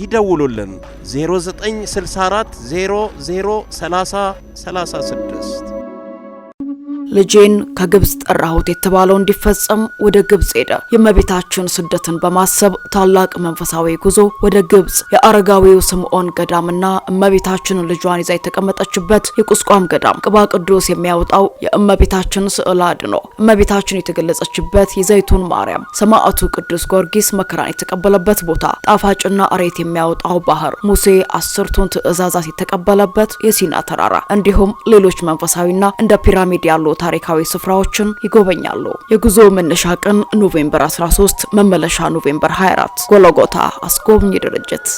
ይደውሉልን 0964 0030 36 ልጄን ከግብፅ ጠራሁት የተባለው እንዲፈጸም ወደ ግብጽ ሄደ። የእመቤታችን ስደትን በማሰብ ታላቅ መንፈሳዊ ጉዞ ወደ ግብጽ የአረጋዊው ስምዖን ገዳምና እመቤታችን ልጇን ይዛ የተቀመጠችበት የቁስቋም ገዳም ቅባ ቅዱስ የሚያወጣው የእመቤታችን ስዕል አድኖ እመቤታችን የተገለጸችበት የዘይቱን ማርያም ሰማዕቱ ቅዱስ ጊዮርጊስ መከራን የተቀበለበት ቦታ ጣፋጭና አሬት የሚያወጣው ባህር ሙሴ አስርቱን ትእዛዛት የተቀበለበት የሲና ተራራ እንዲሁም ሌሎች መንፈሳዊና እንደ ፒራሚድ ያሉት ታሪካዊ ስፍራዎችን ይጎበኛሉ። የጉዞ መነሻ ቀን ኖቬምበር 13፣ መመለሻ ኖቬምበር 24። ጎለጎታ አስጎብኝ ድርጅት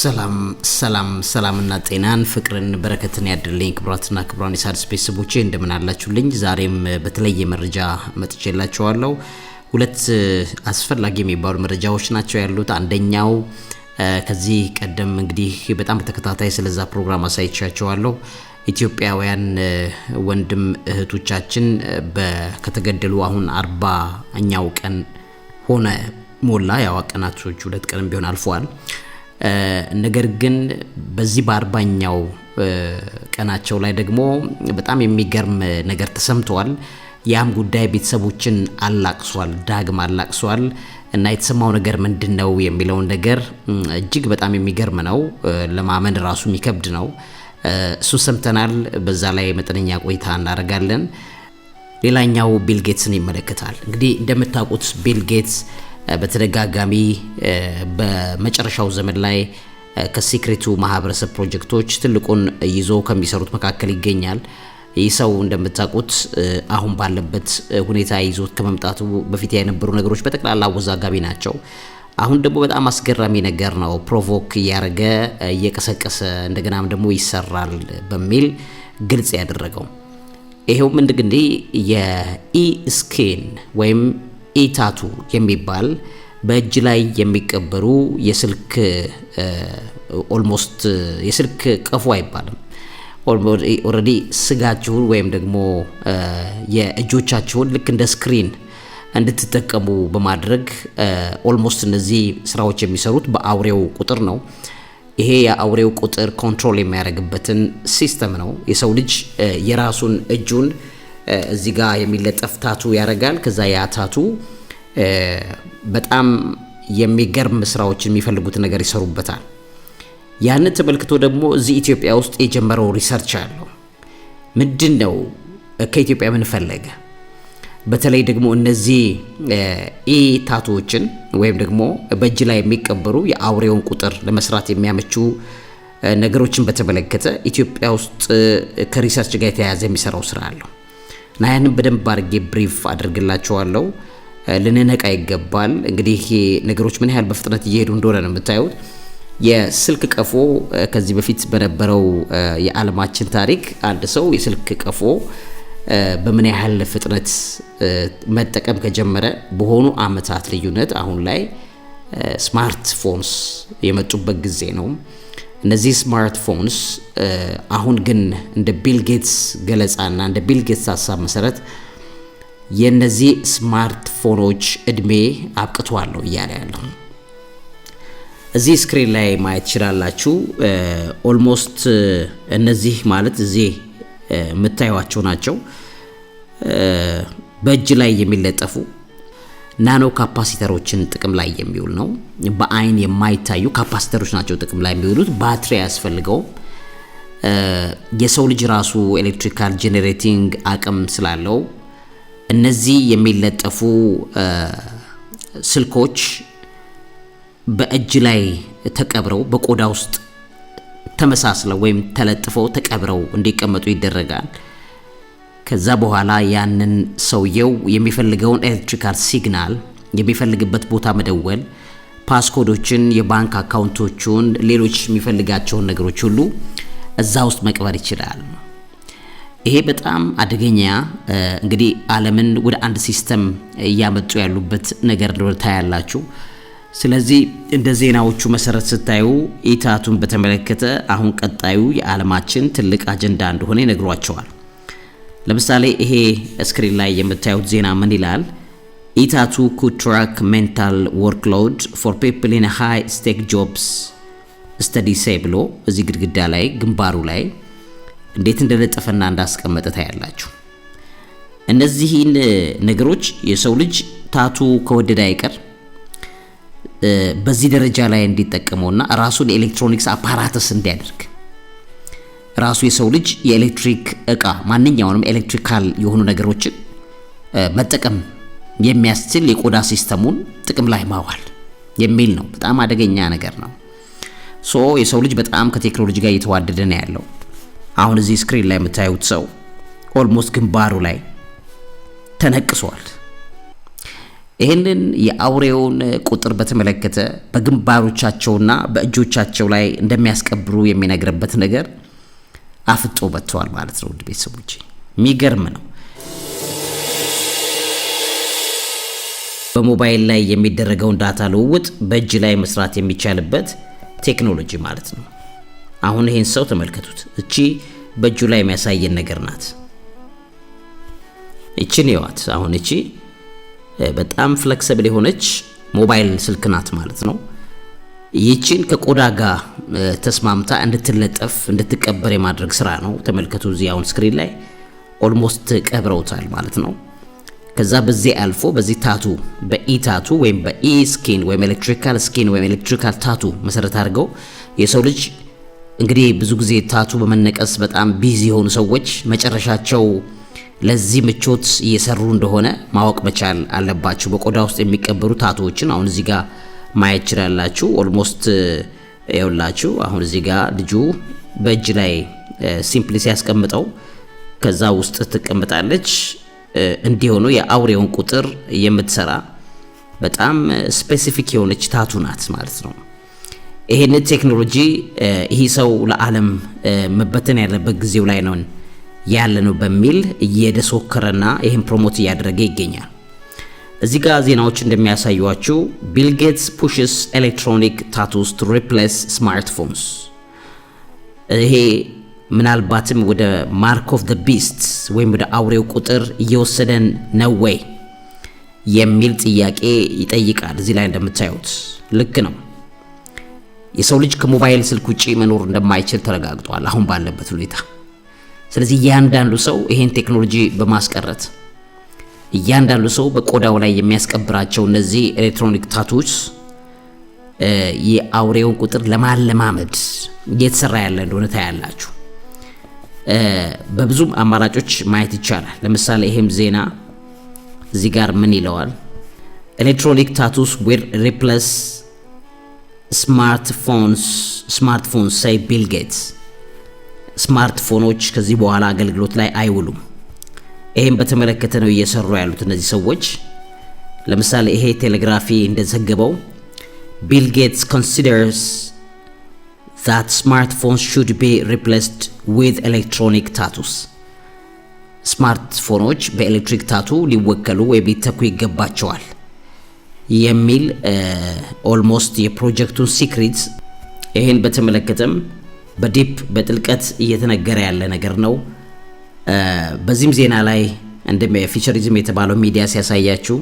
ሰላም ሰላም ሰላምና ጤናን ፍቅርን በረከትን ያድልኝ። ክቡራትና ክቡራን የሣድስ ቤተሰቦቼ እንደምን አላችሁልኝ? ዛሬም በተለየ መረጃ መጥቼላችኋለሁ። ሁለት አስፈላጊ የሚባሉ መረጃዎች ናቸው ያሉት። አንደኛው ከዚህ ቀደም እንግዲህ በጣም በተከታታይ ስለዛ ፕሮግራም አሳይቻቸዋለሁ። ኢትዮጵያውያን ወንድም እህቶቻችን ከተገደሉ አሁን አርባኛው ቀን ሆነ ሞላ። ያው ቀናቶች ሁለት ቀንም ቢሆን አልፈዋል። ነገር ግን በዚህ በአርባኛው ቀናቸው ላይ ደግሞ በጣም የሚገርም ነገር ተሰምተዋል። ያም ጉዳይ ቤተሰቦችን አላቅሷል፣ ዳግም አላቅሷል። እና የተሰማው ነገር ምንድን ነው የሚለውን ነገር እጅግ በጣም የሚገርም ነው። ለማመን ራሱ የሚከብድ ነው። እሱ ሰምተናል። በዛ ላይ መጠነኛ ቆይታ እናደርጋለን። ሌላኛው ቢል ጌትስን ይመለከታል። እንግዲህ እንደምታውቁት ቢል ጌትስ በተደጋጋሚ በመጨረሻው ዘመን ላይ ከሲክሬቱ ማህበረሰብ ፕሮጀክቶች ትልቁን ይዞ ከሚሰሩት መካከል ይገኛል። ይህ ሰው እንደምታውቁት አሁን ባለበት ሁኔታ ይዞት ከመምጣቱ በፊት የነበሩ ነገሮች በጠቅላላ አወዛጋቢ ናቸው። አሁን ደግሞ በጣም አስገራሚ ነገር ነው። ፕሮቮክ እያደረገ እየቀሰቀሰ እንደገናም ደግሞ ይሰራል በሚል ግልጽ ያደረገው ይሄውም እንግዲህ የኢስኪን ወይም ኢታቱ የሚባል በእጅ ላይ የሚቀበሩ የስልክ ኦልሞስት የስልክ ቀፎ አይባልም ኦልሬዲ eh, ስጋችሁን ወይም ደግሞ የእጆቻችሁን ልክ እንደ ስክሪን እንድትጠቀሙ በማድረግ ኦልሞስት እነዚህ ስራዎች የሚሰሩት በአውሬው ቁጥር ነው። ይሄ የአውሬው ቁጥር ኮንትሮል የሚያደርግበትን ሲስተም ነው። የሰው ልጅ የራሱን እጁን እዚህ ጋር የሚለጠፍ ታቱ ያደርጋል። ከዛ ያ ታቱ በጣም የሚገርም ስራዎችን የሚፈልጉት ነገር ይሰሩበታል። ያንን ተመልክቶ ደግሞ እዚህ ኢትዮጵያ ውስጥ የጀመረው ሪሰርች አለው። ምንድን ነው ከኢትዮጵያ ምን ፈለገ? በተለይ ደግሞ እነዚህ ኢ ታቶዎችን ወይም ደግሞ በእጅ ላይ የሚቀበሩ የአውሬውን ቁጥር ለመስራት የሚያመቹ ነገሮችን በተመለከተ ኢትዮጵያ ውስጥ ከሪሰርች ጋር የተያያዘ የሚሰራው ስራ አለው እና ያንን በደንብ አድርጌ ብሪፍ አድርግላቸዋለሁ። ልንነቃ ይገባል። እንግዲህ ነገሮች ምን ያህል በፍጥነት እየሄዱ እንደሆነ ነው የምታዩት። የስልክ ቀፎ ከዚህ በፊት በነበረው የዓለማችን ታሪክ አንድ ሰው የስልክ ቀፎ በምን ያህል ፍጥነት መጠቀም ከጀመረ በሆኑ ዓመታት ልዩነት አሁን ላይ ስማርትፎንስ የመጡበት ጊዜ ነው። እነዚህ ስማርትፎንስ አሁን ግን እንደ ቢልጌትስ ገለጻና እንደ ቢልጌትስ ሀሳብ መሰረት የእነዚህ ስማርትፎኖች እድሜ አብቅቷል ነው እያለ ያለው። እዚህ ስክሪን ላይ ማየት ትችላላችሁ። ኦልሞስት እነዚህ ማለት እዚህ የምታዩቸው ናቸው በእጅ ላይ የሚለጠፉ ናኖ ካፓሲተሮችን ጥቅም ላይ የሚውል ነው። በአይን የማይታዩ ካፓሲተሮች ናቸው ጥቅም ላይ የሚውሉት። ባትሪ አያስፈልገውም። የሰው ልጅ ራሱ ኤሌክትሪካል ጄኔሬቲንግ አቅም ስላለው እነዚህ የሚለጠፉ ስልኮች በእጅ ላይ ተቀብረው በቆዳ ውስጥ ተመሳስለው ወይም ተለጥፈው ተቀብረው እንዲቀመጡ ይደረጋል። ከዛ በኋላ ያንን ሰውየው የሚፈልገውን ኤሌክትሪካል ሲግናል የሚፈልግበት ቦታ መደወል፣ ፓስኮዶችን፣ የባንክ አካውንቶቹን፣ ሌሎች የሚፈልጋቸውን ነገሮች ሁሉ እዛ ውስጥ መቅበር ይችላል። ይሄ በጣም አደገኛ እንግዲህ ዓለምን ወደ አንድ ሲስተም እያመጡ ያሉበት ነገር ታያላችሁ። ስለዚህ እንደ ዜናዎቹ መሰረት ስታዩ ኢታቱን በተመለከተ አሁን ቀጣዩ የዓለማችን ትልቅ አጀንዳ እንደሆነ ይነግሯቸዋል። ለምሳሌ ይሄ ስክሪን ላይ የምታዩት ዜና ምን ይላል? ኢታቱ ኩትራክ ሜንታል ወርክሎድ ፎር ፒፕል ኢን ሃይ ስቴክ ጆብስ ስተዲ ሴ ብሎ እዚህ ግድግዳ ላይ ግንባሩ ላይ እንዴት እንደለጠፈና እንዳስቀመጠ ታያላችሁ። እነዚህን ነገሮች የሰው ልጅ ታቱ ከወደደ አይቀር በዚህ ደረጃ ላይ እንዲጠቀመውና ራሱን የኤሌክትሮኒክስ አፓራተስ እንዲያደርግ ራሱ የሰው ልጅ የኤሌክትሪክ እቃ ማንኛውንም ኤሌክትሪካል የሆኑ ነገሮችን መጠቀም የሚያስችል የቆዳ ሲስተሙን ጥቅም ላይ ማዋል የሚል ነው። በጣም አደገኛ ነገር ነው። ሶ የሰው ልጅ በጣም ከቴክኖሎጂ ጋር እየተዋደደ ነው ያለው። አሁን እዚህ ስክሪን ላይ የምታዩት ሰው ኦልሞስት ግንባሩ ላይ ተነቅሷል። ይህንን የአውሬውን ቁጥር በተመለከተ በግንባሮቻቸውና በእጆቻቸው ላይ እንደሚያስቀብሩ የሚነግርበት ነገር አፍጦ በጥተዋል ማለት ነው። ውድ ቤተሰቦች የሚገርም ነው። በሞባይል ላይ የሚደረገውን ዳታ ልውውጥ በእጅ ላይ መስራት የሚቻልበት ቴክኖሎጂ ማለት ነው። አሁን ይህን ሰው ተመልከቱት። እቺ በእጁ ላይ የሚያሳየን ነገር ናት። እቺን ይዋት አሁን እቺ በጣም ፍለክሰብል የሆነች ሞባይል ስልክ ናት ማለት ነው። ይችን ከቆዳ ጋር ተስማምታ እንድትለጠፍ እንድትቀበር የማድረግ ስራ ነው። ተመልከቱ እዚህ አሁን ስክሪን ላይ ኦልሞስት ቀብረውታል ማለት ነው። ከዛ በዚህ አልፎ በዚህ ታቱ በኢ ታቱ ወይም በኢ ስኪን ወይም ኤሌክትሪካል ስኪን ወይም ኤሌክትሪካል ታቱ መሰረት አድርገው የሰው ልጅ እንግዲህ ብዙ ጊዜ ታቱ በመነቀስ በጣም ቢዚ የሆኑ ሰዎች መጨረሻቸው ለዚህ ምቾት እየሰሩ እንደሆነ ማወቅ መቻል አለባችሁ። በቆዳ ውስጥ የሚቀበሩ ታቶዎችን አሁን እዚህ ጋር ማየት ችላላችሁ። ኦልሞስት eh, ይውላችሁ አሁን እዚህ ጋር ልጁ በእጅ ላይ ሲምፕሊ eh, ሲያስቀምጠው ከዛ ውስጥ ትቀምጣለች። eh, እንዲሆኑ የአውሬውን ቁጥር የምትሰራ በጣም ስፔሲፊክ የሆነች ታቱ ናት ማለት ነው። ይህን ቴክኖሎጂ ይህ ሰው ለዓለም መበተን ያለበት ጊዜው ላይ ነው። ያለ ነው በሚል እየደሶከረና ይህን ፕሮሞት እያደረገ ይገኛል። እዚህ ጋር ዜናዎች እንደሚያሳዩዋችሁ ቢል ጌትስ ፑሽስ ኤሌክትሮኒክ ታቱስ ቱ ሪፕሌስ ስማርትፎንስ። ይሄ ምናልባትም ወደ ማርክ ኦፍ ዘ ቢስት ወይም ወደ አውሬው ቁጥር እየወሰደን ነው ወይ የሚል ጥያቄ ይጠይቃል። እዚህ ላይ እንደምታዩት ልክ ነው። የሰው ልጅ ከሞባይል ስልክ ውጪ መኖር እንደማይችል ተረጋግጧል አሁን ባለበት ሁኔታ ስለዚህ እያንዳንዱ ሰው ይሄን ቴክኖሎጂ በማስቀረት እያንዳንዱ ሰው በቆዳው ላይ የሚያስቀብራቸው እነዚህ ኤሌክትሮኒክ ታቱስ የአውሬውን ቁጥር ለማለማመድ እየተሰራ ያለ እንደሆነ ታያላችሁ። በብዙም አማራጮች ማየት ይቻላል። ለምሳሌ ይሄም ዜና እዚህ ጋር ምን ይለዋል? ኤሌክትሮኒክ ታቱስ ዊል ሪፕለስ ስማርትፎንስ ሳይ ቢል ጌትስ ስማርትፎኖች ከዚህ በኋላ አገልግሎት ላይ አይውሉም። ይህም በተመለከተ ነው እየሰሩ ያሉት እነዚህ ሰዎች። ለምሳሌ ይሄ ቴሌግራፊ እንደዘገበው ቢል ጌትስ ኮንሲደርስ ዛት ስማርትፎንስ ሹድ ቢ ሪፕሌስድ ዊዝ ኤሌክትሮኒክ ታቱስ ስማርትፎኖች በኤሌክትሪክ ታቱ ሊወከሉ ወይም ሊተኩ ይገባቸዋል የሚል ኦልሞስት የፕሮጀክቱን ሲክሪት ይህን በተመለከተም በዲፕ በጥልቀት እየተነገረ ያለ ነገር ነው። በዚህም ዜና ላይ እንደ ፊቸሪዝም የተባለው ሚዲያ ሲያሳያችው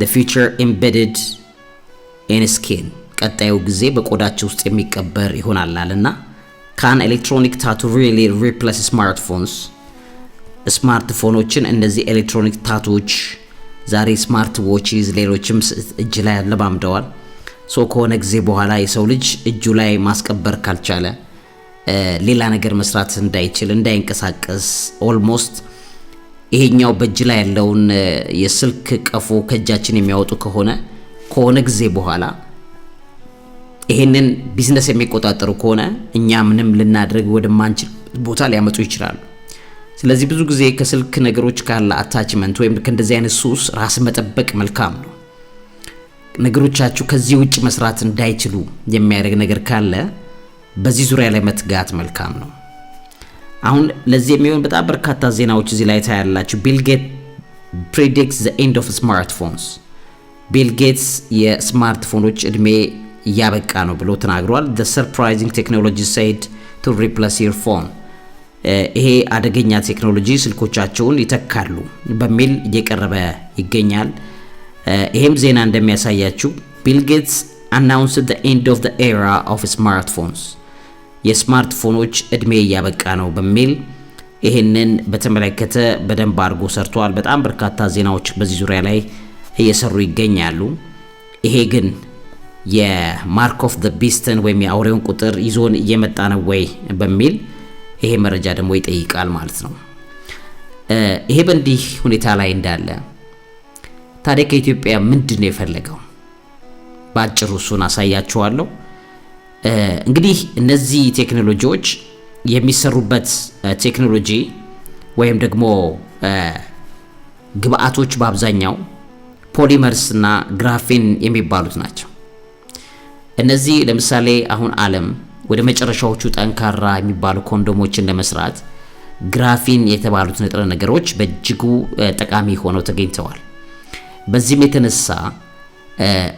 the future embedded in skin ቀጣዩ ጊዜ በቆዳቸው ውስጥ የሚቀበር ይሆናል አለና ካን ኤሌክትሮኒክ ታቱ ሪሊ ሪፕለስ ስማርትፎንስ ስማርትፎኖችን እነዚህ ኤሌክትሮኒክ ታቶች ዛሬ ስማርት ዎችዝ ሌሎችም እጅ ላይ አለማምደዋል። ሶ ከሆነ ጊዜ በኋላ የሰው ልጅ እጁ ላይ ማስቀበር ካልቻለ ሌላ ነገር መስራት እንዳይችል እንዳይንቀሳቀስ ኦልሞስት ይሄኛው በእጅ ላይ ያለውን የስልክ ቀፎ ከእጃችን የሚያወጡ ከሆነ ከሆነ ጊዜ በኋላ ይሄንን ቢዝነስ የሚቆጣጠሩ ከሆነ እኛ ምንም ልናደርግ ወደማንችል ቦታ ሊያመጡ ይችላሉ። ስለዚህ ብዙ ጊዜ ከስልክ ነገሮች ካለ አታችመንት ወይም ከእንደዚህ አይነት ሱስ ራስ መጠበቅ መልካም ነው። ነገሮቻችሁ ከዚህ ውጭ መስራት እንዳይችሉ የሚያደርግ ነገር ካለ በዚህ ዙሪያ ላይ መትጋት መልካም ነው። አሁን ለዚህ የሚሆን በጣም በርካታ ዜናዎች እዚህ ላይ ታያላችሁ። ቢልጌት ፕሬዲክትስ ዘ ኤንድ ኦፍ ስማርትፎንስ ቢል ጌትስ የስማርትፎኖች እድሜ እያበቃ ነው ብሎ ተናግሯል። ዘ ሰርፕራይዚንግ ቴክኖሎጂ ሳይድ ቱ ሪፕላስ ዩር ፎን ይሄ አደገኛ ቴክኖሎጂ ስልኮቻቸውን ይተካሉ በሚል እየቀረበ ይገኛል። ይሄም ዜና እንደሚያሳያችው ቢል ጌትስ አናውንስ ኤንድ ኦፍ ኤራ ኦፍ ስማርትፎንስ የስማርትፎኖች እድሜ እያበቃ ነው በሚል ይህንን በተመለከተ በደንብ አድርጎ ሰርተዋል። በጣም በርካታ ዜናዎች በዚህ ዙሪያ ላይ እየሰሩ ይገኛሉ። ይሄ ግን የማርክ ኦፍ ዘ ቢስትን ወይም የአውሬውን ቁጥር ይዞን እየመጣ ነው ወይ በሚል ይሄ መረጃ ደግሞ ይጠይቃል ማለት ነው። ይሄ በእንዲህ ሁኔታ ላይ እንዳለ ታዲያ ከኢትዮጵያ ምንድን ነው የፈለገው? በአጭሩ እሱን አሳያችኋለሁ። እንግዲህ እነዚህ ቴክኖሎጂዎች የሚሰሩበት ቴክኖሎጂ ወይም ደግሞ ግብአቶች በአብዛኛው ፖሊመርስ እና ግራፊን የሚባሉት ናቸው። እነዚህ ለምሳሌ አሁን ዓለም ወደ መጨረሻዎቹ ጠንካራ የሚባሉ ኮንዶሞችን ለመስራት ግራፊን የተባሉት ንጥረ ነገሮች በእጅጉ ጠቃሚ ሆነው ተገኝተዋል። በዚህም የተነሳ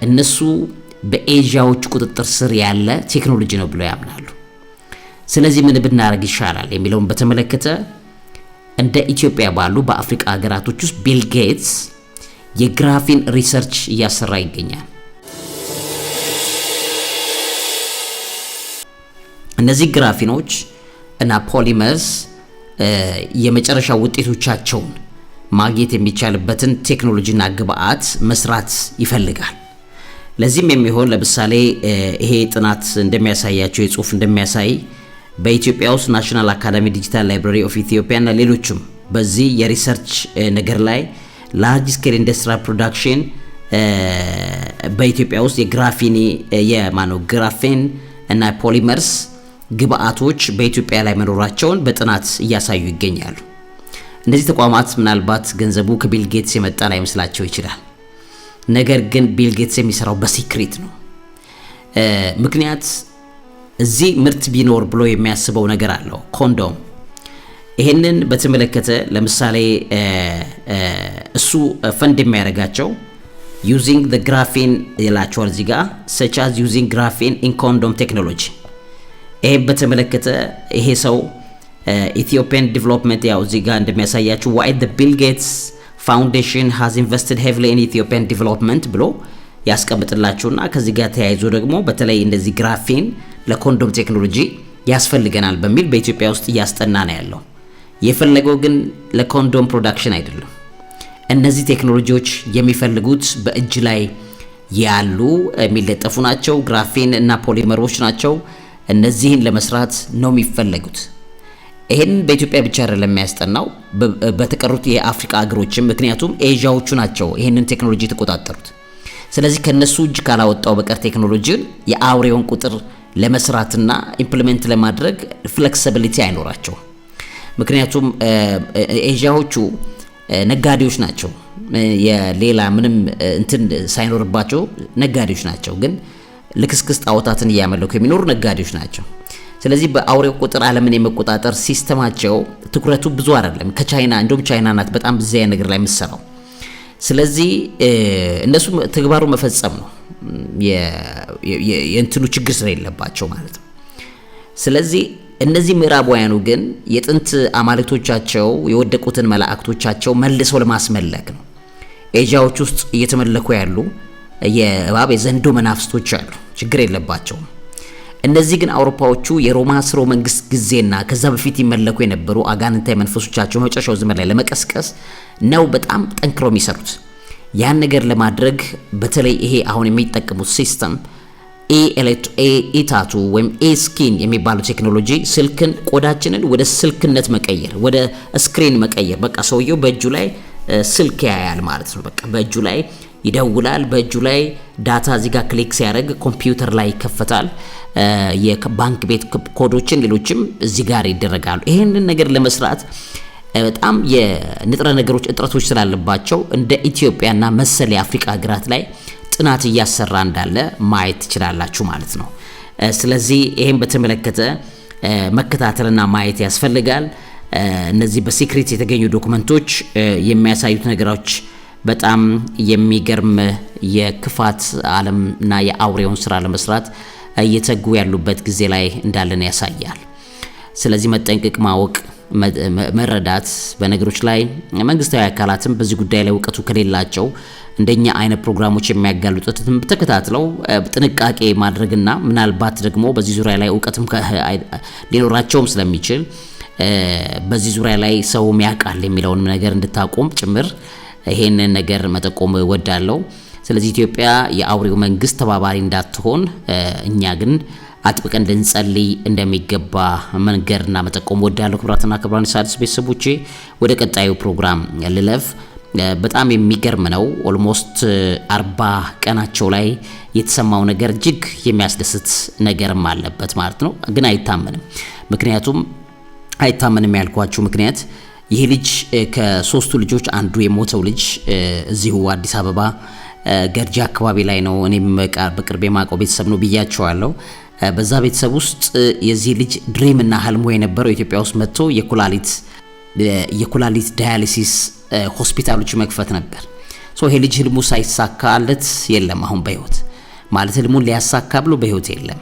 እነሱ በኤዥያዎች ቁጥጥር ስር ያለ ቴክኖሎጂ ነው ብለው ያምናሉ። ስለዚህ ምን ብናደርግ ይሻላል የሚለውን በተመለከተ እንደ ኢትዮጵያ ባሉ በአፍሪካ ሀገራቶች ውስጥ ቢል ጌትስ የግራፊን ሪሰርች እያሰራ ይገኛል። እነዚህ ግራፊኖች እና ፖሊመርስ የመጨረሻ ውጤቶቻቸውን ማግኘት የሚቻልበትን ቴክኖሎጂና ግብአት መስራት ይፈልጋል። ለዚህም የሚሆን ለምሳሌ ይሄ ጥናት እንደሚያሳያቸው የጽሁፍ እንደሚያሳይ በኢትዮጵያ ውስጥ ናሽናል አካዳሚ ዲጂታል ላይብራሪ ኦፍ ኢትዮጵያ እና ሌሎችም በዚህ የሪሰርች ነገር ላይ ላርጅ ስኬል ኢንዱስትሪያል ፕሮዳክሽን በኢትዮጵያ ውስጥ የግራፊኒ የማነው ግራፌን እና ፖሊመርስ ግብአቶች በኢትዮጵያ ላይ መኖራቸውን በጥናት እያሳዩ ይገኛሉ። እነዚህ ተቋማት ምናልባት ገንዘቡ ከቢል ጌትስ የመጣ ላይመስላቸው ይችላል። ነገር ግን ቢል ጌትስ የሚሰራው በሲክሪት ነው። ምክንያት እዚህ ምርት ቢኖር ብሎ የሚያስበው ነገር አለው። ኮንዶም ይህንን በተመለከተ ለምሳሌ እሱ ፈንድ የሚያደርጋቸው ዩዚንግ ዘ ግራፊን ይላቸዋል እዚህ ጋር ሰቻዝ ዩዚንግ ግራፊን ኢን ኮንዶም ቴክኖሎጂ። ይህም በተመለከተ ይሄ ሰው ኢትዮጵያን ዲቨሎፕመንት ያው እዚህ ጋ እንደሚያሳያችሁ ዋይ ቢል ጌትስ ፋውንዴሽን ሃዝ ኢንቨስትድ ሄቪሊ ኢን ኢትዮጵያን ዲቨሎፕመንት ብሎ ያስቀምጥላችሁና ከዚህ ጋር ተያይዞ ደግሞ በተለይ እንደዚህ ግራፊን ለኮንዶም ቴክኖሎጂ ያስፈልገናል በሚል በኢትዮጵያ ውስጥ እያስጠና ነው ያለው። የፈለገው ግን ለኮንዶም ፕሮዳክሽን አይደለም። እነዚህ ቴክኖሎጂዎች የሚፈልጉት በእጅ ላይ ያሉ የሚለጠፉ ናቸው። ግራፊን እና ፖሊመሮች ናቸው። እነዚህን ለመስራት ነው የሚፈለጉት። ይህን በኢትዮጵያ ብቻ አይደለም የሚያስጠናው በተቀሩት የአፍሪካ ሀገሮችም፣ ምክንያቱም ኤዥያዎቹ ናቸው ይህንን ቴክኖሎጂ የተቆጣጠሩት። ስለዚህ ከነሱ እጅ ካላወጣው በቀር ቴክኖሎጂን የአውሬውን ቁጥር ለመስራትና ኢምፕሊመንት ለማድረግ ፍሌክሲቢሊቲ አይኖራቸው። ምክንያቱም ኤዥያዎቹ ነጋዴዎች ናቸው። የሌላ ምንም እንትን ሳይኖርባቸው ነጋዴዎች ናቸው። ግን ልክስክስ ጣዖታትን እያመለኩ የሚኖሩ ነጋዴዎች ናቸው። ስለዚህ በአውሬ ቁጥር ዓለምን የመቆጣጠር ሲስተማቸው ትኩረቱ ብዙ አይደለም ከቻይና እንዲሁም ቻይና ናት በጣም ብዙ ነገር ላይ የምትሰራው። ስለዚህ እነሱ ተግባሩ መፈጸም ነው የእንትኑ ችግር ስለሌለባቸው ማለት ነው። ስለዚህ እነዚህ ምዕራባውያኑ ግን የጥንት አማልክቶቻቸው የወደቁትን መላእክቶቻቸው መልሰው ለማስመለክ ነው። ኤዥያዎች ውስጥ እየተመለኩ ያሉ የእባብ የዘንዶ መናፍስቶች አሉ፣ ችግር የለባቸውም። እነዚህ ግን አውሮፓዎቹ የሮማ ስርወ መንግስት ጊዜና ከዛ በፊት ይመለኩ የነበሩ አጋንንታዊ መንፈሶቻቸው መጨረሻው ዘመን ላይ ለመቀስቀስ ነው በጣም ጠንክረው የሚሰሩት። ያን ነገር ለማድረግ በተለይ ይሄ አሁን የሚጠቀሙት ሲስተም ኢታቱ ወይም ኤስኪን የሚባለው ቴክኖሎጂ ስልክን ቆዳችንን ወደ ስልክነት መቀየር፣ ወደ ስክሪን መቀየር። በቃ ሰውየው በእጁ ላይ ስልክ ያያል ማለት ነው። በቃ በእጁ ላይ ይደውላል። በእጁ ላይ ዳታ እዚጋ ክሊክ ሲያደርግ ኮምፒውተር ላይ ይከፈታል። የባንክ ቤት ኮዶችን፣ ሌሎችም እዚህ ጋር ይደረጋሉ። ይህንን ነገር ለመስራት በጣም የንጥረ ነገሮች እጥረቶች ስላለባቸው እንደ ኢትዮጵያና መሰል የአፍሪካ ሀገራት ላይ ጥናት እያሰራ እንዳለ ማየት ትችላላችሁ ማለት ነው። ስለዚህ ይህም በተመለከተ መከታተልና ማየት ያስፈልጋል። እነዚህ በሲክሬት የተገኙ ዶክመንቶች የሚያሳዩት ነገሮች በጣም የሚገርም የክፋት ዓለምና የአውሬውን ስራ ለመስራት እየተጉ ያሉበት ጊዜ ላይ እንዳለን ያሳያል። ስለዚህ መጠንቀቅ፣ ማወቅ፣ መረዳት በነገሮች ላይ መንግስታዊ አካላትም በዚህ ጉዳይ ላይ እውቀቱ ከሌላቸው እንደኛ አይነት ፕሮግራሞች የሚያጋልጡትም ተከታትለው ጥንቃቄ ማድረግና ምናልባት ደግሞ በዚህ ዙሪያ ላይ እውቀትም ሊኖራቸውም ስለሚችል በዚህ ዙሪያ ላይ ሰውም ያውቃል የሚለውንም ነገር እንድታቆም ጭምር ይሄንን ነገር መጠቆም ወዳለው። ስለዚህ ኢትዮጵያ የአውሬው መንግስት ተባባሪ እንዳትሆን እኛ ግን አጥብቀን ልንጸልይ እንደሚገባ መንገርና መጠቆም ወዳለው። ክብራትና ክብራን ሣድስ ቤተሰቦቼ ወደ ቀጣዩ ፕሮግራም ልለፍ። በጣም የሚገርም ነው። ኦልሞስት አርባ ቀናቸው ላይ የተሰማው ነገር እጅግ የሚያስደስት ነገርም አለበት ማለት ነው። ግን አይታመንም። ምክንያቱም አይታመንም ያልኳችሁ ምክንያት ይህ ልጅ ከሶስቱ ልጆች አንዱ የሞተው ልጅ እዚሁ አዲስ አበባ ገርጂ አካባቢ ላይ ነው። እኔም በቅርብ የማውቀው ቤተሰብ ነው ብያቸዋለሁ። በዛ ቤተሰብ ውስጥ የዚህ ልጅ ድሪም እና ህልሞ የነበረው ኢትዮጵያ ውስጥ መጥቶ የኩላሊት የኩላሊት ዳያሊሲስ ሆስፒታሎች መክፈት ነበር። ሶ ይሄ ልጅ ህልሙ ሳይሳካለት የለም አሁን በህይወት ማለት ህልሙን ሊያሳካ ብሎ በህይወት የለም።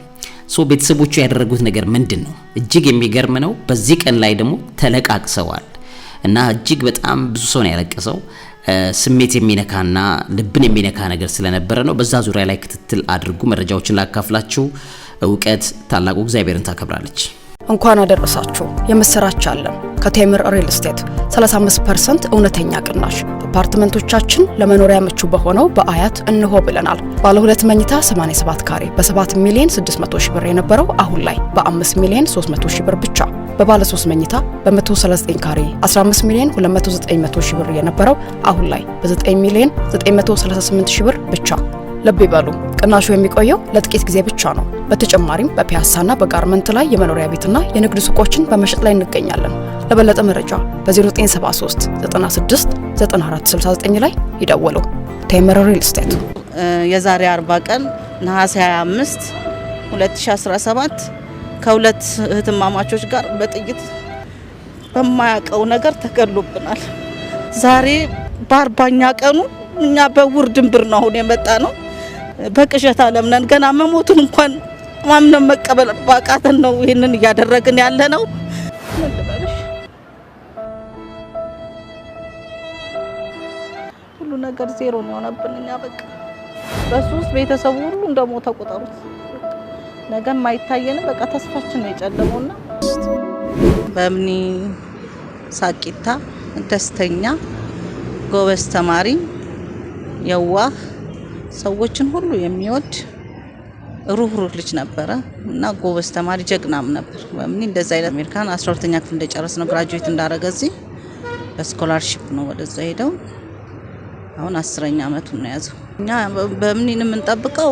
ሶ ቤተሰቦቹ ያደረጉት ነገር ምንድን ነው? እጅግ የሚገርም ነው። በዚህ ቀን ላይ ደግሞ ተለቃቅሰዋል። እና እጅግ በጣም ብዙ ሰው ነው ያለቀሰው። ስሜት የሚነካና ልብን የሚነካ ነገር ስለነበረ ነው። በዛ ዙሪያ ላይ ክትትል አድርጉ። መረጃዎችን ላካፍላችሁ። እውቀት ታላቁ እግዚአብሔርን ታከብራለች። እንኳን አደረሳችሁ። የምስራች አለን ከቴምር ሪል ስቴት 35% እውነተኛ ቅናሽ አፓርትመንቶቻችን ለመኖሪያ ምቹ በሆነው በአያት እንሆ ብለናል። ባለ ሁለት መኝታ 87 ካሬ በ7 ሚሊዮን 600 ሺህ ብር የነበረው አሁን ላይ በ5 ሚሊዮን 300 ሺህ ብር ብቻ በባለ 3 መኝታ በ139 ካሬ 15 ሚሊዮን 290 ሺህ ብር የነበረው አሁን ላይ በ9 ሚሊዮን 938 ሺህ ብር ብቻ። ልብ ይበሉ፣ ቅናሹ የሚቆየው ለጥቂት ጊዜ ብቻ ነው። በተጨማሪም በፒያሳና በጋርመንት ላይ የመኖሪያ ቤትና የንግድ ሱቆችን በመሸጥ ላይ እንገኛለን። ለበለጠ መረጃ በ0973 96 9469 ላይ ይደውሉ። ቴምር ሪል ስቴት የዛሬ 40 ቀን ነሐሴ 25 2017 ከሁለት እህትማማቾች ጋር በጥይት በማያውቀው ነገር ተገሎብናል። ዛሬ በአርባኛ ቀኑ እኛ በውር ድንብር ነው አሁን የመጣ ነው። በቅዠት አለምነን ገና መሞቱን እንኳን ማምነን መቀበል ባቃተን ነው ይህንን እያደረግን ያለ ነው። ሁሉ ነገር ዜሮ ነው የሆነብን እኛ በቃ በሱ ውስጥ ቤተሰቡ ሁሉ እንደሞተ ቁጠሩት። ነገ አይታየንም። በቃ ተስፋችን ነው የጨለመውና በምኒ ሳቂታ ደስተኛ ጎበዝ ተማሪ የዋህ ሰዎችን ሁሉ የሚወድ ሩህሩህ ልጅ ነበረ እና ጎበዝ ተማሪ ጀግናም ነበር። በምኒ እንደዛ አይነት አሜሪካን አስራ ሁለተኛ ክፍል እንደጨረስ ነው ግራጁዌት እንዳረገ እዚህ በስኮላርሽፕ ነው ወደዛ ሄደው አሁን አስረኛ ዓመቱን ነው የያዘው። እኛ በእምኒን የምንጠብቀው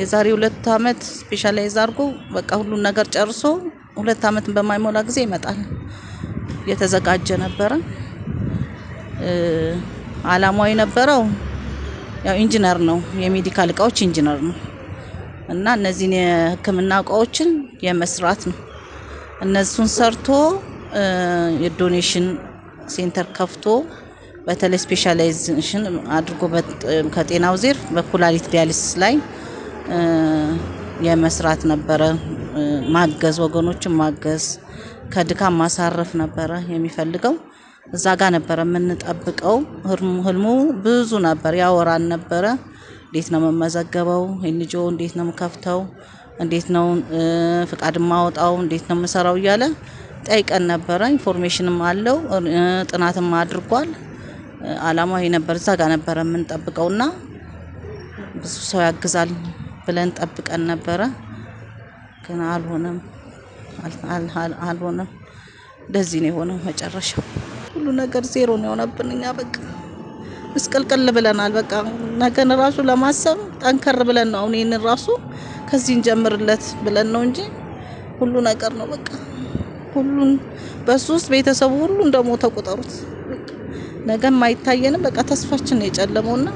የዛሬ ሁለት አመት ስፔሻላይዝ አድርጎ በቃ ሁሉን ነገር ጨርሶ ሁለት አመት በማይሞላ ጊዜ ይመጣል። የተዘጋጀ ነበረ። አላማው የነበረው ያው ኢንጂነር ነው፣ የሜዲካል እቃዎች ኢንጂነር ነው እና እነዚህን የሕክምና እቃዎችን የመስራት ነው። እነሱን ሰርቶ የዶኔሽን ሴንተር ከፍቶ በተለይ ስፔሻላይዜሽን አድርጎ ከጤናው ዜር በኩላሊት ዲያሊስስ ላይ የመስራት ነበረ። ማገዝ፣ ወገኖችን ማገዝ፣ ከድካም ማሳረፍ ነበረ የሚፈልገው። እዛ ጋር ነበረ የምንጠብቀው። ህልሙ ብዙ ነበር። ያወራን ነበረ። እንዴት ነው የምመዘገበው? ኤንጂኦ እንዴት ነው የምከፍተው? እንዴት ነው ፍቃድ ማወጣው? እንዴት ነው የምሰራው? እያለ ጠይቀን ነበረ። ኢንፎርሜሽንም አለው ጥናትም አድርጓል። አላማው ነበር። እዛ ጋር ነበረ እና ብዙ ሰው ያግዛል ብለን ጠብቀን ነበረ፣ ግን አልሆነም አልሆነም። እንደዚህ ነው የሆነው መጨረሻው። ሁሉ ነገር ዜሮ ነው የሆነብን። እኛ በቃ ምስቅልቅል ብለናል። በቃ ነገን ራሱ ለማሰብ ጠንከር ብለን ነው አሁን ይህንን ራሱ ከዚህን ጀምርለት ብለን ነው እንጂ ሁሉ ነገር ነው በቃ ሁሉን በሱ ውስጥ ቤተሰቡ ሁሉ እንደሞተ ቁጠሩት። ነገም አይታየንም። በቃ ተስፋችን ነው ና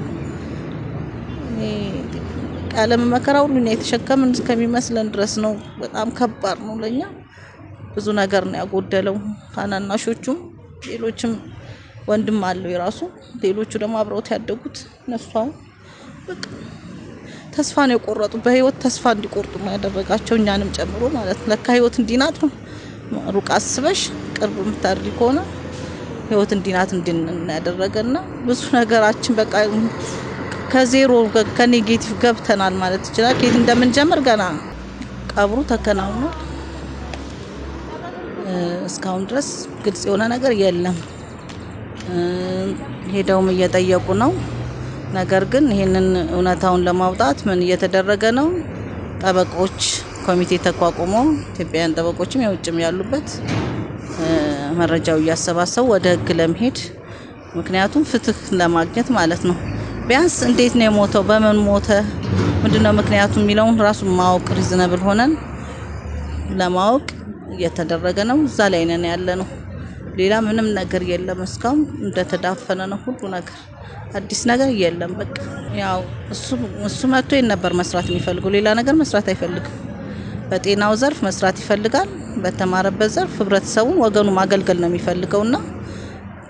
የዓለም መከራ ሁሉ የተሸከምን እስከሚመስለን ድረስ ነው። በጣም ከባድ ነው ለኛ። ብዙ ነገር ነው ያጎደለው። ታናናሾቹም ሌሎችም ወንድም አለው የራሱ ሌሎቹ ደግሞ አብረውት ያደጉት ነፍሷን ተስፋ ነው የቆረጡ። በህይወት ተስፋ እንዲቆርጡ ነው ያደረጋቸው እኛንም ጨምሮ ማለት ነው። ለካ ህይወት እንዲናጥ ሩቅ አስበሽ ቅርብ የምታድሪ ከሆነ ህይወት እንዲናት እንድናደረገና ብዙ ነገራችን በቃ ከዜሮ ከኔጌቲቭ ገብተናል ማለት ይችላል። ከየት እንደምንጀምር ገና ቀብሩ ተከናውኗል። እስካሁን ድረስ ግልጽ የሆነ ነገር የለም። ሄደውም እየጠየቁ ነው። ነገር ግን ይህንን እውነታውን ለማውጣት ምን እየተደረገ ነው? ጠበቆች ኮሚቴ ተቋቁሞ ኢትዮጵያውያን ጠበቆችም የውጭም ያሉበት መረጃው እያሰባሰቡ ወደ ህግ ለመሄድ ምክንያቱም ፍትህ ለማግኘት ማለት ነው። ቢያንስ እንዴት ነው የሞተው፣ በምን ሞተ፣ ምንድነው ምክንያቱ የሚለውን ራሱን ማወቅ ሪዝነብል ሆነን ለማወቅ እየተደረገ ነው። እዛ ላይ ነን ያለ ነው። ሌላ ምንም ነገር የለም። እስካሁን እንደተዳፈነ ነው ሁሉ ነገር፣ አዲስ ነገር የለም። በቃ ያው እሱ መጥቶ ነበር መስራት የሚፈልገው ሌላ ነገር መስራት አይፈልግም። በጤናው ዘርፍ መስራት ይፈልጋል። በተማረበት ዘርፍ ህብረተሰቡን፣ ወገኑ ማገልገል ነው የሚፈልገው እና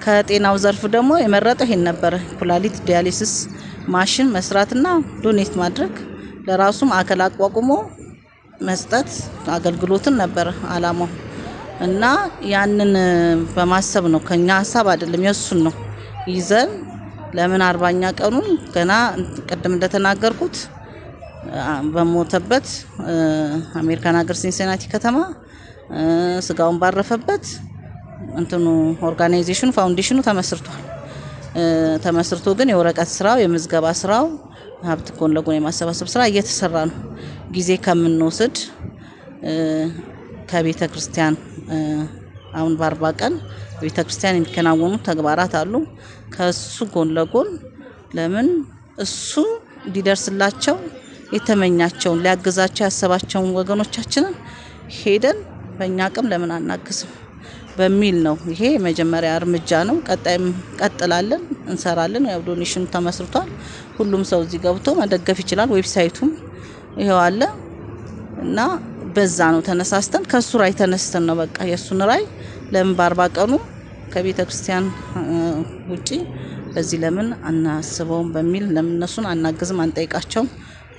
ከጤናው ዘርፍ ደግሞ የመረጠ ይሄን ነበረ፣ ኩላሊት ዲያሊሲስ ማሽን መስራትና ዶኔት ማድረግ ለራሱ ማዕከል አቋቁሞ መስጠት አገልግሎትን ነበረ አላማው እና ያንን በማሰብ ነው። ከኛ ሀሳብ አይደለም፣ የእሱን ነው ይዘን ለምን አርባኛ ቀኑን ገና ቅድም እንደተናገርኩት በሞተበት አሜሪካን ሀገር ሲንሲናቲ ከተማ ስጋውን ባረፈበት እንትኑ ኦርጋናይዜሽኑ ፋውንዴሽኑ ተመስርቷል። ተመስርቶ ግን የወረቀት ስራው የምዝገባ ስራው ሀብት ጎን ለጎን የማሰባሰብ ስራ እየተሰራ ነው። ጊዜ ከምንወስድ ከቤተ ክርስቲያን አሁን በአርባ ቀን ቤተ ክርስቲያን የሚከናወኑ ተግባራት አሉ። ከሱ ጎን ለጎን ለምን እሱ እንዲደርስላቸው የተመኛቸውን ሊያግዛቸው ያሰባቸውን ወገኖቻችንን ሄደን በእኛ አቅም ለምን አናግዝም በሚል ነው። ይሄ የመጀመሪያ እርምጃ ነው። ቀጣይም ቀጥላለን፣ እንሰራለን። ያው ዶኔሽኑ ተመስርቷል። ሁሉም ሰው እዚህ ገብቶ መደገፍ ይችላል። ዌብሳይቱም ይኸው አለ እና በዛ ነው ተነሳስተን ከሱ ራይ ተነስተን ነው በቃ የእሱን ራይ ለምን በአርባ ቀኑ ከቤተ ክርስቲያን ውጪ በዚህ ለምን አናስበውም በሚል ለምን እነሱን አናግዝም አንጠይቃቸውም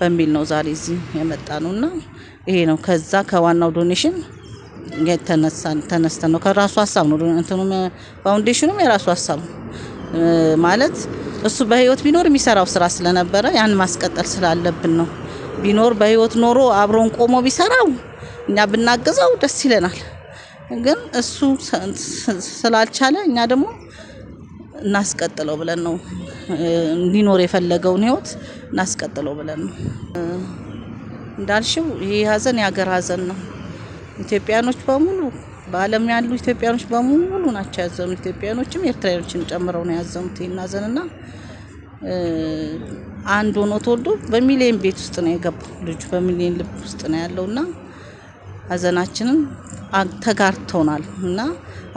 በሚል ነው ዛሬ እዚህ የመጣ ነው እና ይሄ ነው ከዛ ከዋናው ዶኔሽን ተነስተን ነው ከራሱ ሀሳብ ነው እንትኑ ፋውንዴሽኑም የራሱ ሀሳብ ነው ማለት እሱ በህይወት ቢኖር የሚሰራው ስራ ስለነበረ ያን ማስቀጠል ስላለብን ነው። ቢኖር በህይወት ኖሮ አብሮን ቆሞ ቢሰራው እኛ ብናግዘው ደስ ይለናል። ግን እሱ ስላልቻለ እኛ ደግሞ እናስቀጥለው ብለን ነው እንዲኖር የፈለገውን ህይወት እናስቀጥለው ብለን ነው። እንዳልሽው ይህ ሀዘን የሀገር ሀዘን ነው። ኢትዮጵያኖች በሙሉ በዓለም ያሉ ኢትዮጵያኖች በሙሉ ናቸው ያዘኑ። ኢትዮጵያኖችም ኤርትራኖችን ጨምረው ነው ያዘኑት ይህን ሀዘን እና አንድ ሆኖ ተወልዶ በሚሊየን ቤት ውስጥ ነው የገባው ልጁ በሚሊየን ልብ ውስጥ ነው ያለው እና ሀዘናችንን ተጋርቶናል እና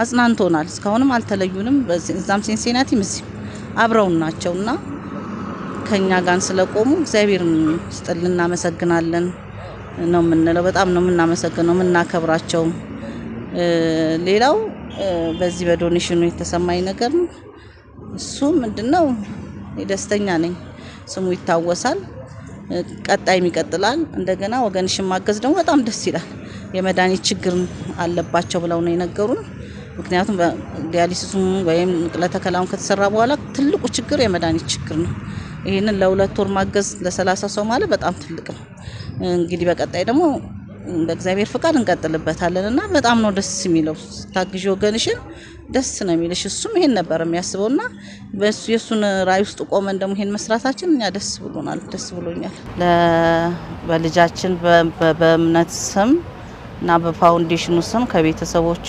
አጽናንቶናል። እስካሁንም አልተለዩንም። እዛም ሴንሴናቲም እዚህ አብረውን ናቸውና ከኛ ጋር ስለቆሙ እግዚአብሔር ስጥል እናመሰግናለን ነው የምንለው። በጣም ነው የምናመሰግነው የምናከብራቸውም። ሌላው በዚህ በዶኔሽኑ የተሰማኝ ነገር ነው እሱ ምንድን ነው ደስተኛ ነኝ። ስሙ ይታወሳል፣ ቀጣይም ይቀጥላል። እንደገና ወገንሽን ማገዝ ደግሞ በጣም ደስ ይላል። የመድኃኒት ችግር አለባቸው ብለው ነው የነገሩን። ምክንያቱም ዲያሊሲሱም ወይም ንቅለ ተከላውን ከተሰራ በኋላ ትልቁ ችግር የመድኃኒት ችግር ነው። ይህንን ለሁለት ወር ማገዝ ለሰላሳ ሰው ማለት በጣም ትልቅ ነው። እንግዲህ በቀጣይ ደግሞ በእግዚአብሔር ፍቃድ እንቀጥልበታለን እና በጣም ነው ደስ የሚለው። ታግዥ ወገንሽን ደስ ነው የሚልሽ። እሱም ይሄን ነበር የሚያስበው እና የእሱን ራዕይ ውስጥ ቆመን ደግሞ ይሄን መስራታችን እኛ ደስ ብሎናል፣ ደስ ብሎኛል። በልጃችን በእምነት ስም እና በፋውንዴሽኑ ስም ከቤተሰቦቹ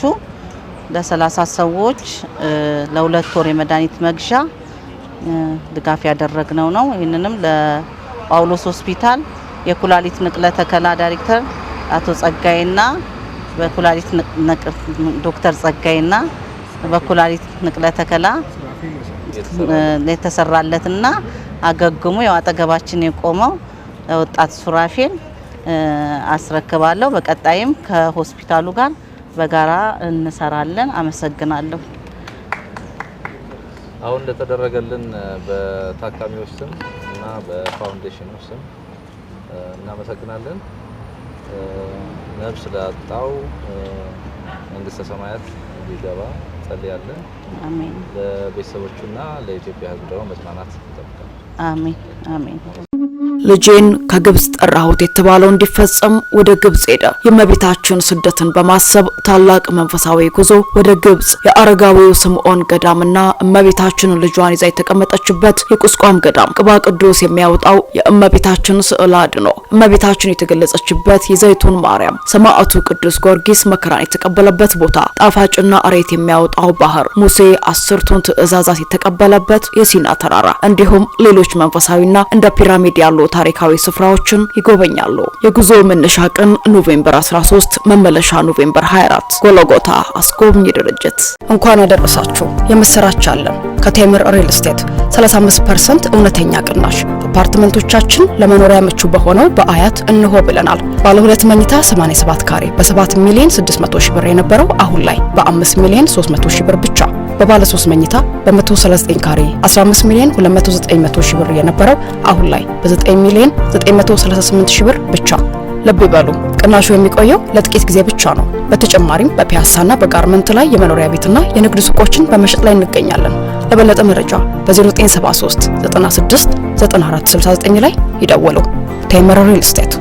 ለሰላሳ ሰዎች ለሁለት ወር የመድኃኒት መግዣ ድጋፍ ያደረግነው ነው። ይህንንም ለጳውሎስ ሆስፒታል የኩላሊት ንቅለ ተከላ ዳይሬክተር አቶ ጸጋይና በኩላሊት ዶክተር ጸጋይና በኩላሊት ንቅለ ተከላ የተሰራለትና አገግሙ ያው አጠገባችን የቆመው ወጣት ሱራፌል አስረክባለሁ። በቀጣይም ከሆስፒታሉ ጋር በጋራ እንሰራለን። አመሰግናለሁ። አሁን እንደተደረገልን በታካሚዎች ስም እና በፋውንዴሽኑ ስም እናመሰግናለን። ነብስ ላጣው መንግስተ ሰማያት እንዲገባ ጸልያለን። አሜን። ለቤተሰቦቹና ለኢትዮጵያ ሕዝብ ደግሞ መጽናናት ይጠብቃል። አሜን አሜን። ልጄን ከግብጽ ጠራሁት የተባለው እንዲፈጸም ወደ ግብጽ ሄደ። የእመቤታችን ስደትን በማሰብ ታላቅ መንፈሳዊ ጉዞ ወደ ግብጽ የአረጋዊው ስምዖን ገዳምና እመቤታችን ልጇን ይዛ የተቀመጠችበት የቁስቋም ገዳም ቅባ ቅዱስ የሚያወጣው የእመቤታችን ስዕል አድኖ እመቤታችን የተገለጸችበት የዘይቱን ማርያም ሰማዕቱ ቅዱስ ጊዮርጊስ መከራን የተቀበለበት ቦታ ጣፋጭና እሬት የሚያወጣው ባህር ሙሴ አስርቱን ትእዛዛት የተቀበለበት የሲና ተራራ እንዲሁም ሌሎች መንፈሳዊና እንደ ፒራሚድ ያሉት ታሪካዊ ስፍራዎችን ይጎበኛሉ። የጉዞ መነሻ ቀን ኖቬምበር 13፣ መመለሻ ኖቬምበር 24። ጎለጎታ አስጎብኝ ድርጅት እንኳን አደረሳችሁ። የምስራች አለን ከቴምር ሪል ስቴት 35% እውነተኛ ቅናሽ አፓርትመንቶቻችን ለመኖሪያ ምቹ በሆነው በአያት እንሆ ብለናል። ባለ ሁለት መኝታ 87 ካሬ በ7 ሚሊዮን 600 ሺህ ብር የነበረው አሁን ላይ በ5 ሚሊዮን 300 ሺህ ብር ብቻ በባለ 3 መኝታ በ139 ካሬ 15 ሚሊዮን 290 ሺህ ብር የነበረው አሁን ላይ በ9 ሚሊዮን 938 ሺህ ብር ብቻ። ልብ ይበሉ፣ ቅናሹ የሚቆየው ለጥቂት ጊዜ ብቻ ነው። በተጨማሪም በፒያሳና በጋርመንት ላይ የመኖሪያ ቤትና የንግድ ሱቆችን በመሸጥ ላይ እንገኛለን። ለበለጠ መረጃ በ0973 96 9469 ላይ ይደውሉ። ቴምር ሪል ስቴት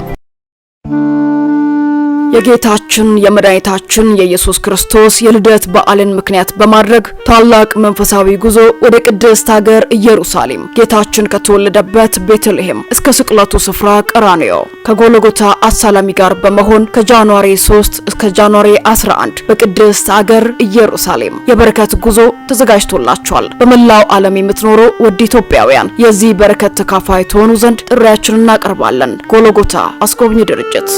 የጌታችን የመድኃኒታችን የኢየሱስ ክርስቶስ የልደት በዓልን ምክንያት በማድረግ ታላቅ መንፈሳዊ ጉዞ ወደ ቅድስት ሀገር ኢየሩሳሌም ጌታችን ከተወለደበት ቤተልሔም እስከ ስቅለቱ ስፍራ ቀራንዮ ከጎለጎታ አሳላሚ ጋር በመሆን ከጃንዋሪ 3 እስከ ጃንዋሪ 11 በቅድስት ሀገር ኢየሩሳሌም የበረከት ጉዞ ተዘጋጅቶላቸዋል። በመላው ዓለም የምትኖሩ ውድ ኢትዮጵያውያን የዚህ በረከት ተካፋይ ትሆኑ ዘንድ ጥሪያችንን እናቀርባለን። ጎለጎታ አስጎብኝ ድርጅት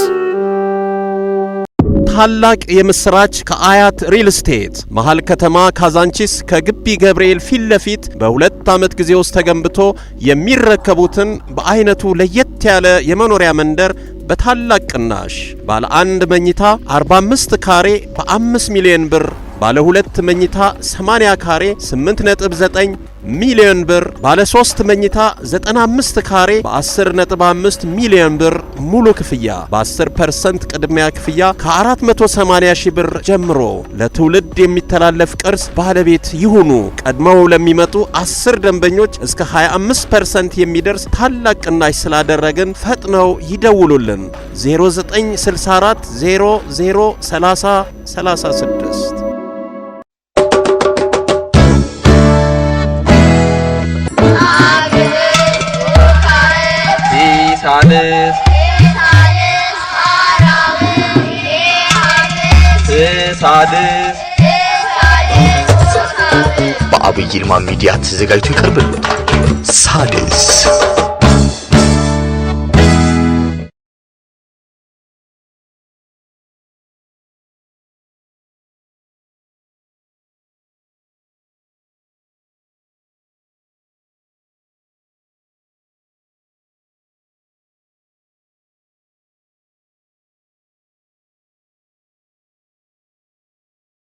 ታላቅ የምስራች ከአያት ሪል ስቴት መሃል ከተማ ካዛንቺስ ከግቢ ገብርኤል ፊት ለፊት በሁለት ዓመት ጊዜ ውስጥ ተገንብቶ የሚረከቡትን በአይነቱ ለየት ያለ የመኖሪያ መንደር በታላቅ ቅናሽ ባለ አንድ መኝታ 45 ካሬ በ5 ሚሊዮን ብር፣ ባለ ሁለት መኝታ 80 ካሬ 8.9 ሚሊዮን ብር፣ ባለ 3 መኝታ 95 ካሬ በ10.5 ሚሊዮን ብር ሙሉ ክፍያ በ10% ቅድሚያ ክፍያ ከ480 ሺህ ብር ጀምሮ ለትውልድ የሚተላለፍ ቅርስ ባለቤት ይሁኑ። ቀድመው ለሚመጡ 10 ደንበኞች እስከ 25% የሚደርስ ታላቅ ቅናሽ ስላደረግን ፈጥነው ይደውሉልን 0964 0030 36 በአብይ ይልማ ሚዲያ ተዘጋጅቶ ይቀርብልዎታል። ሣድስ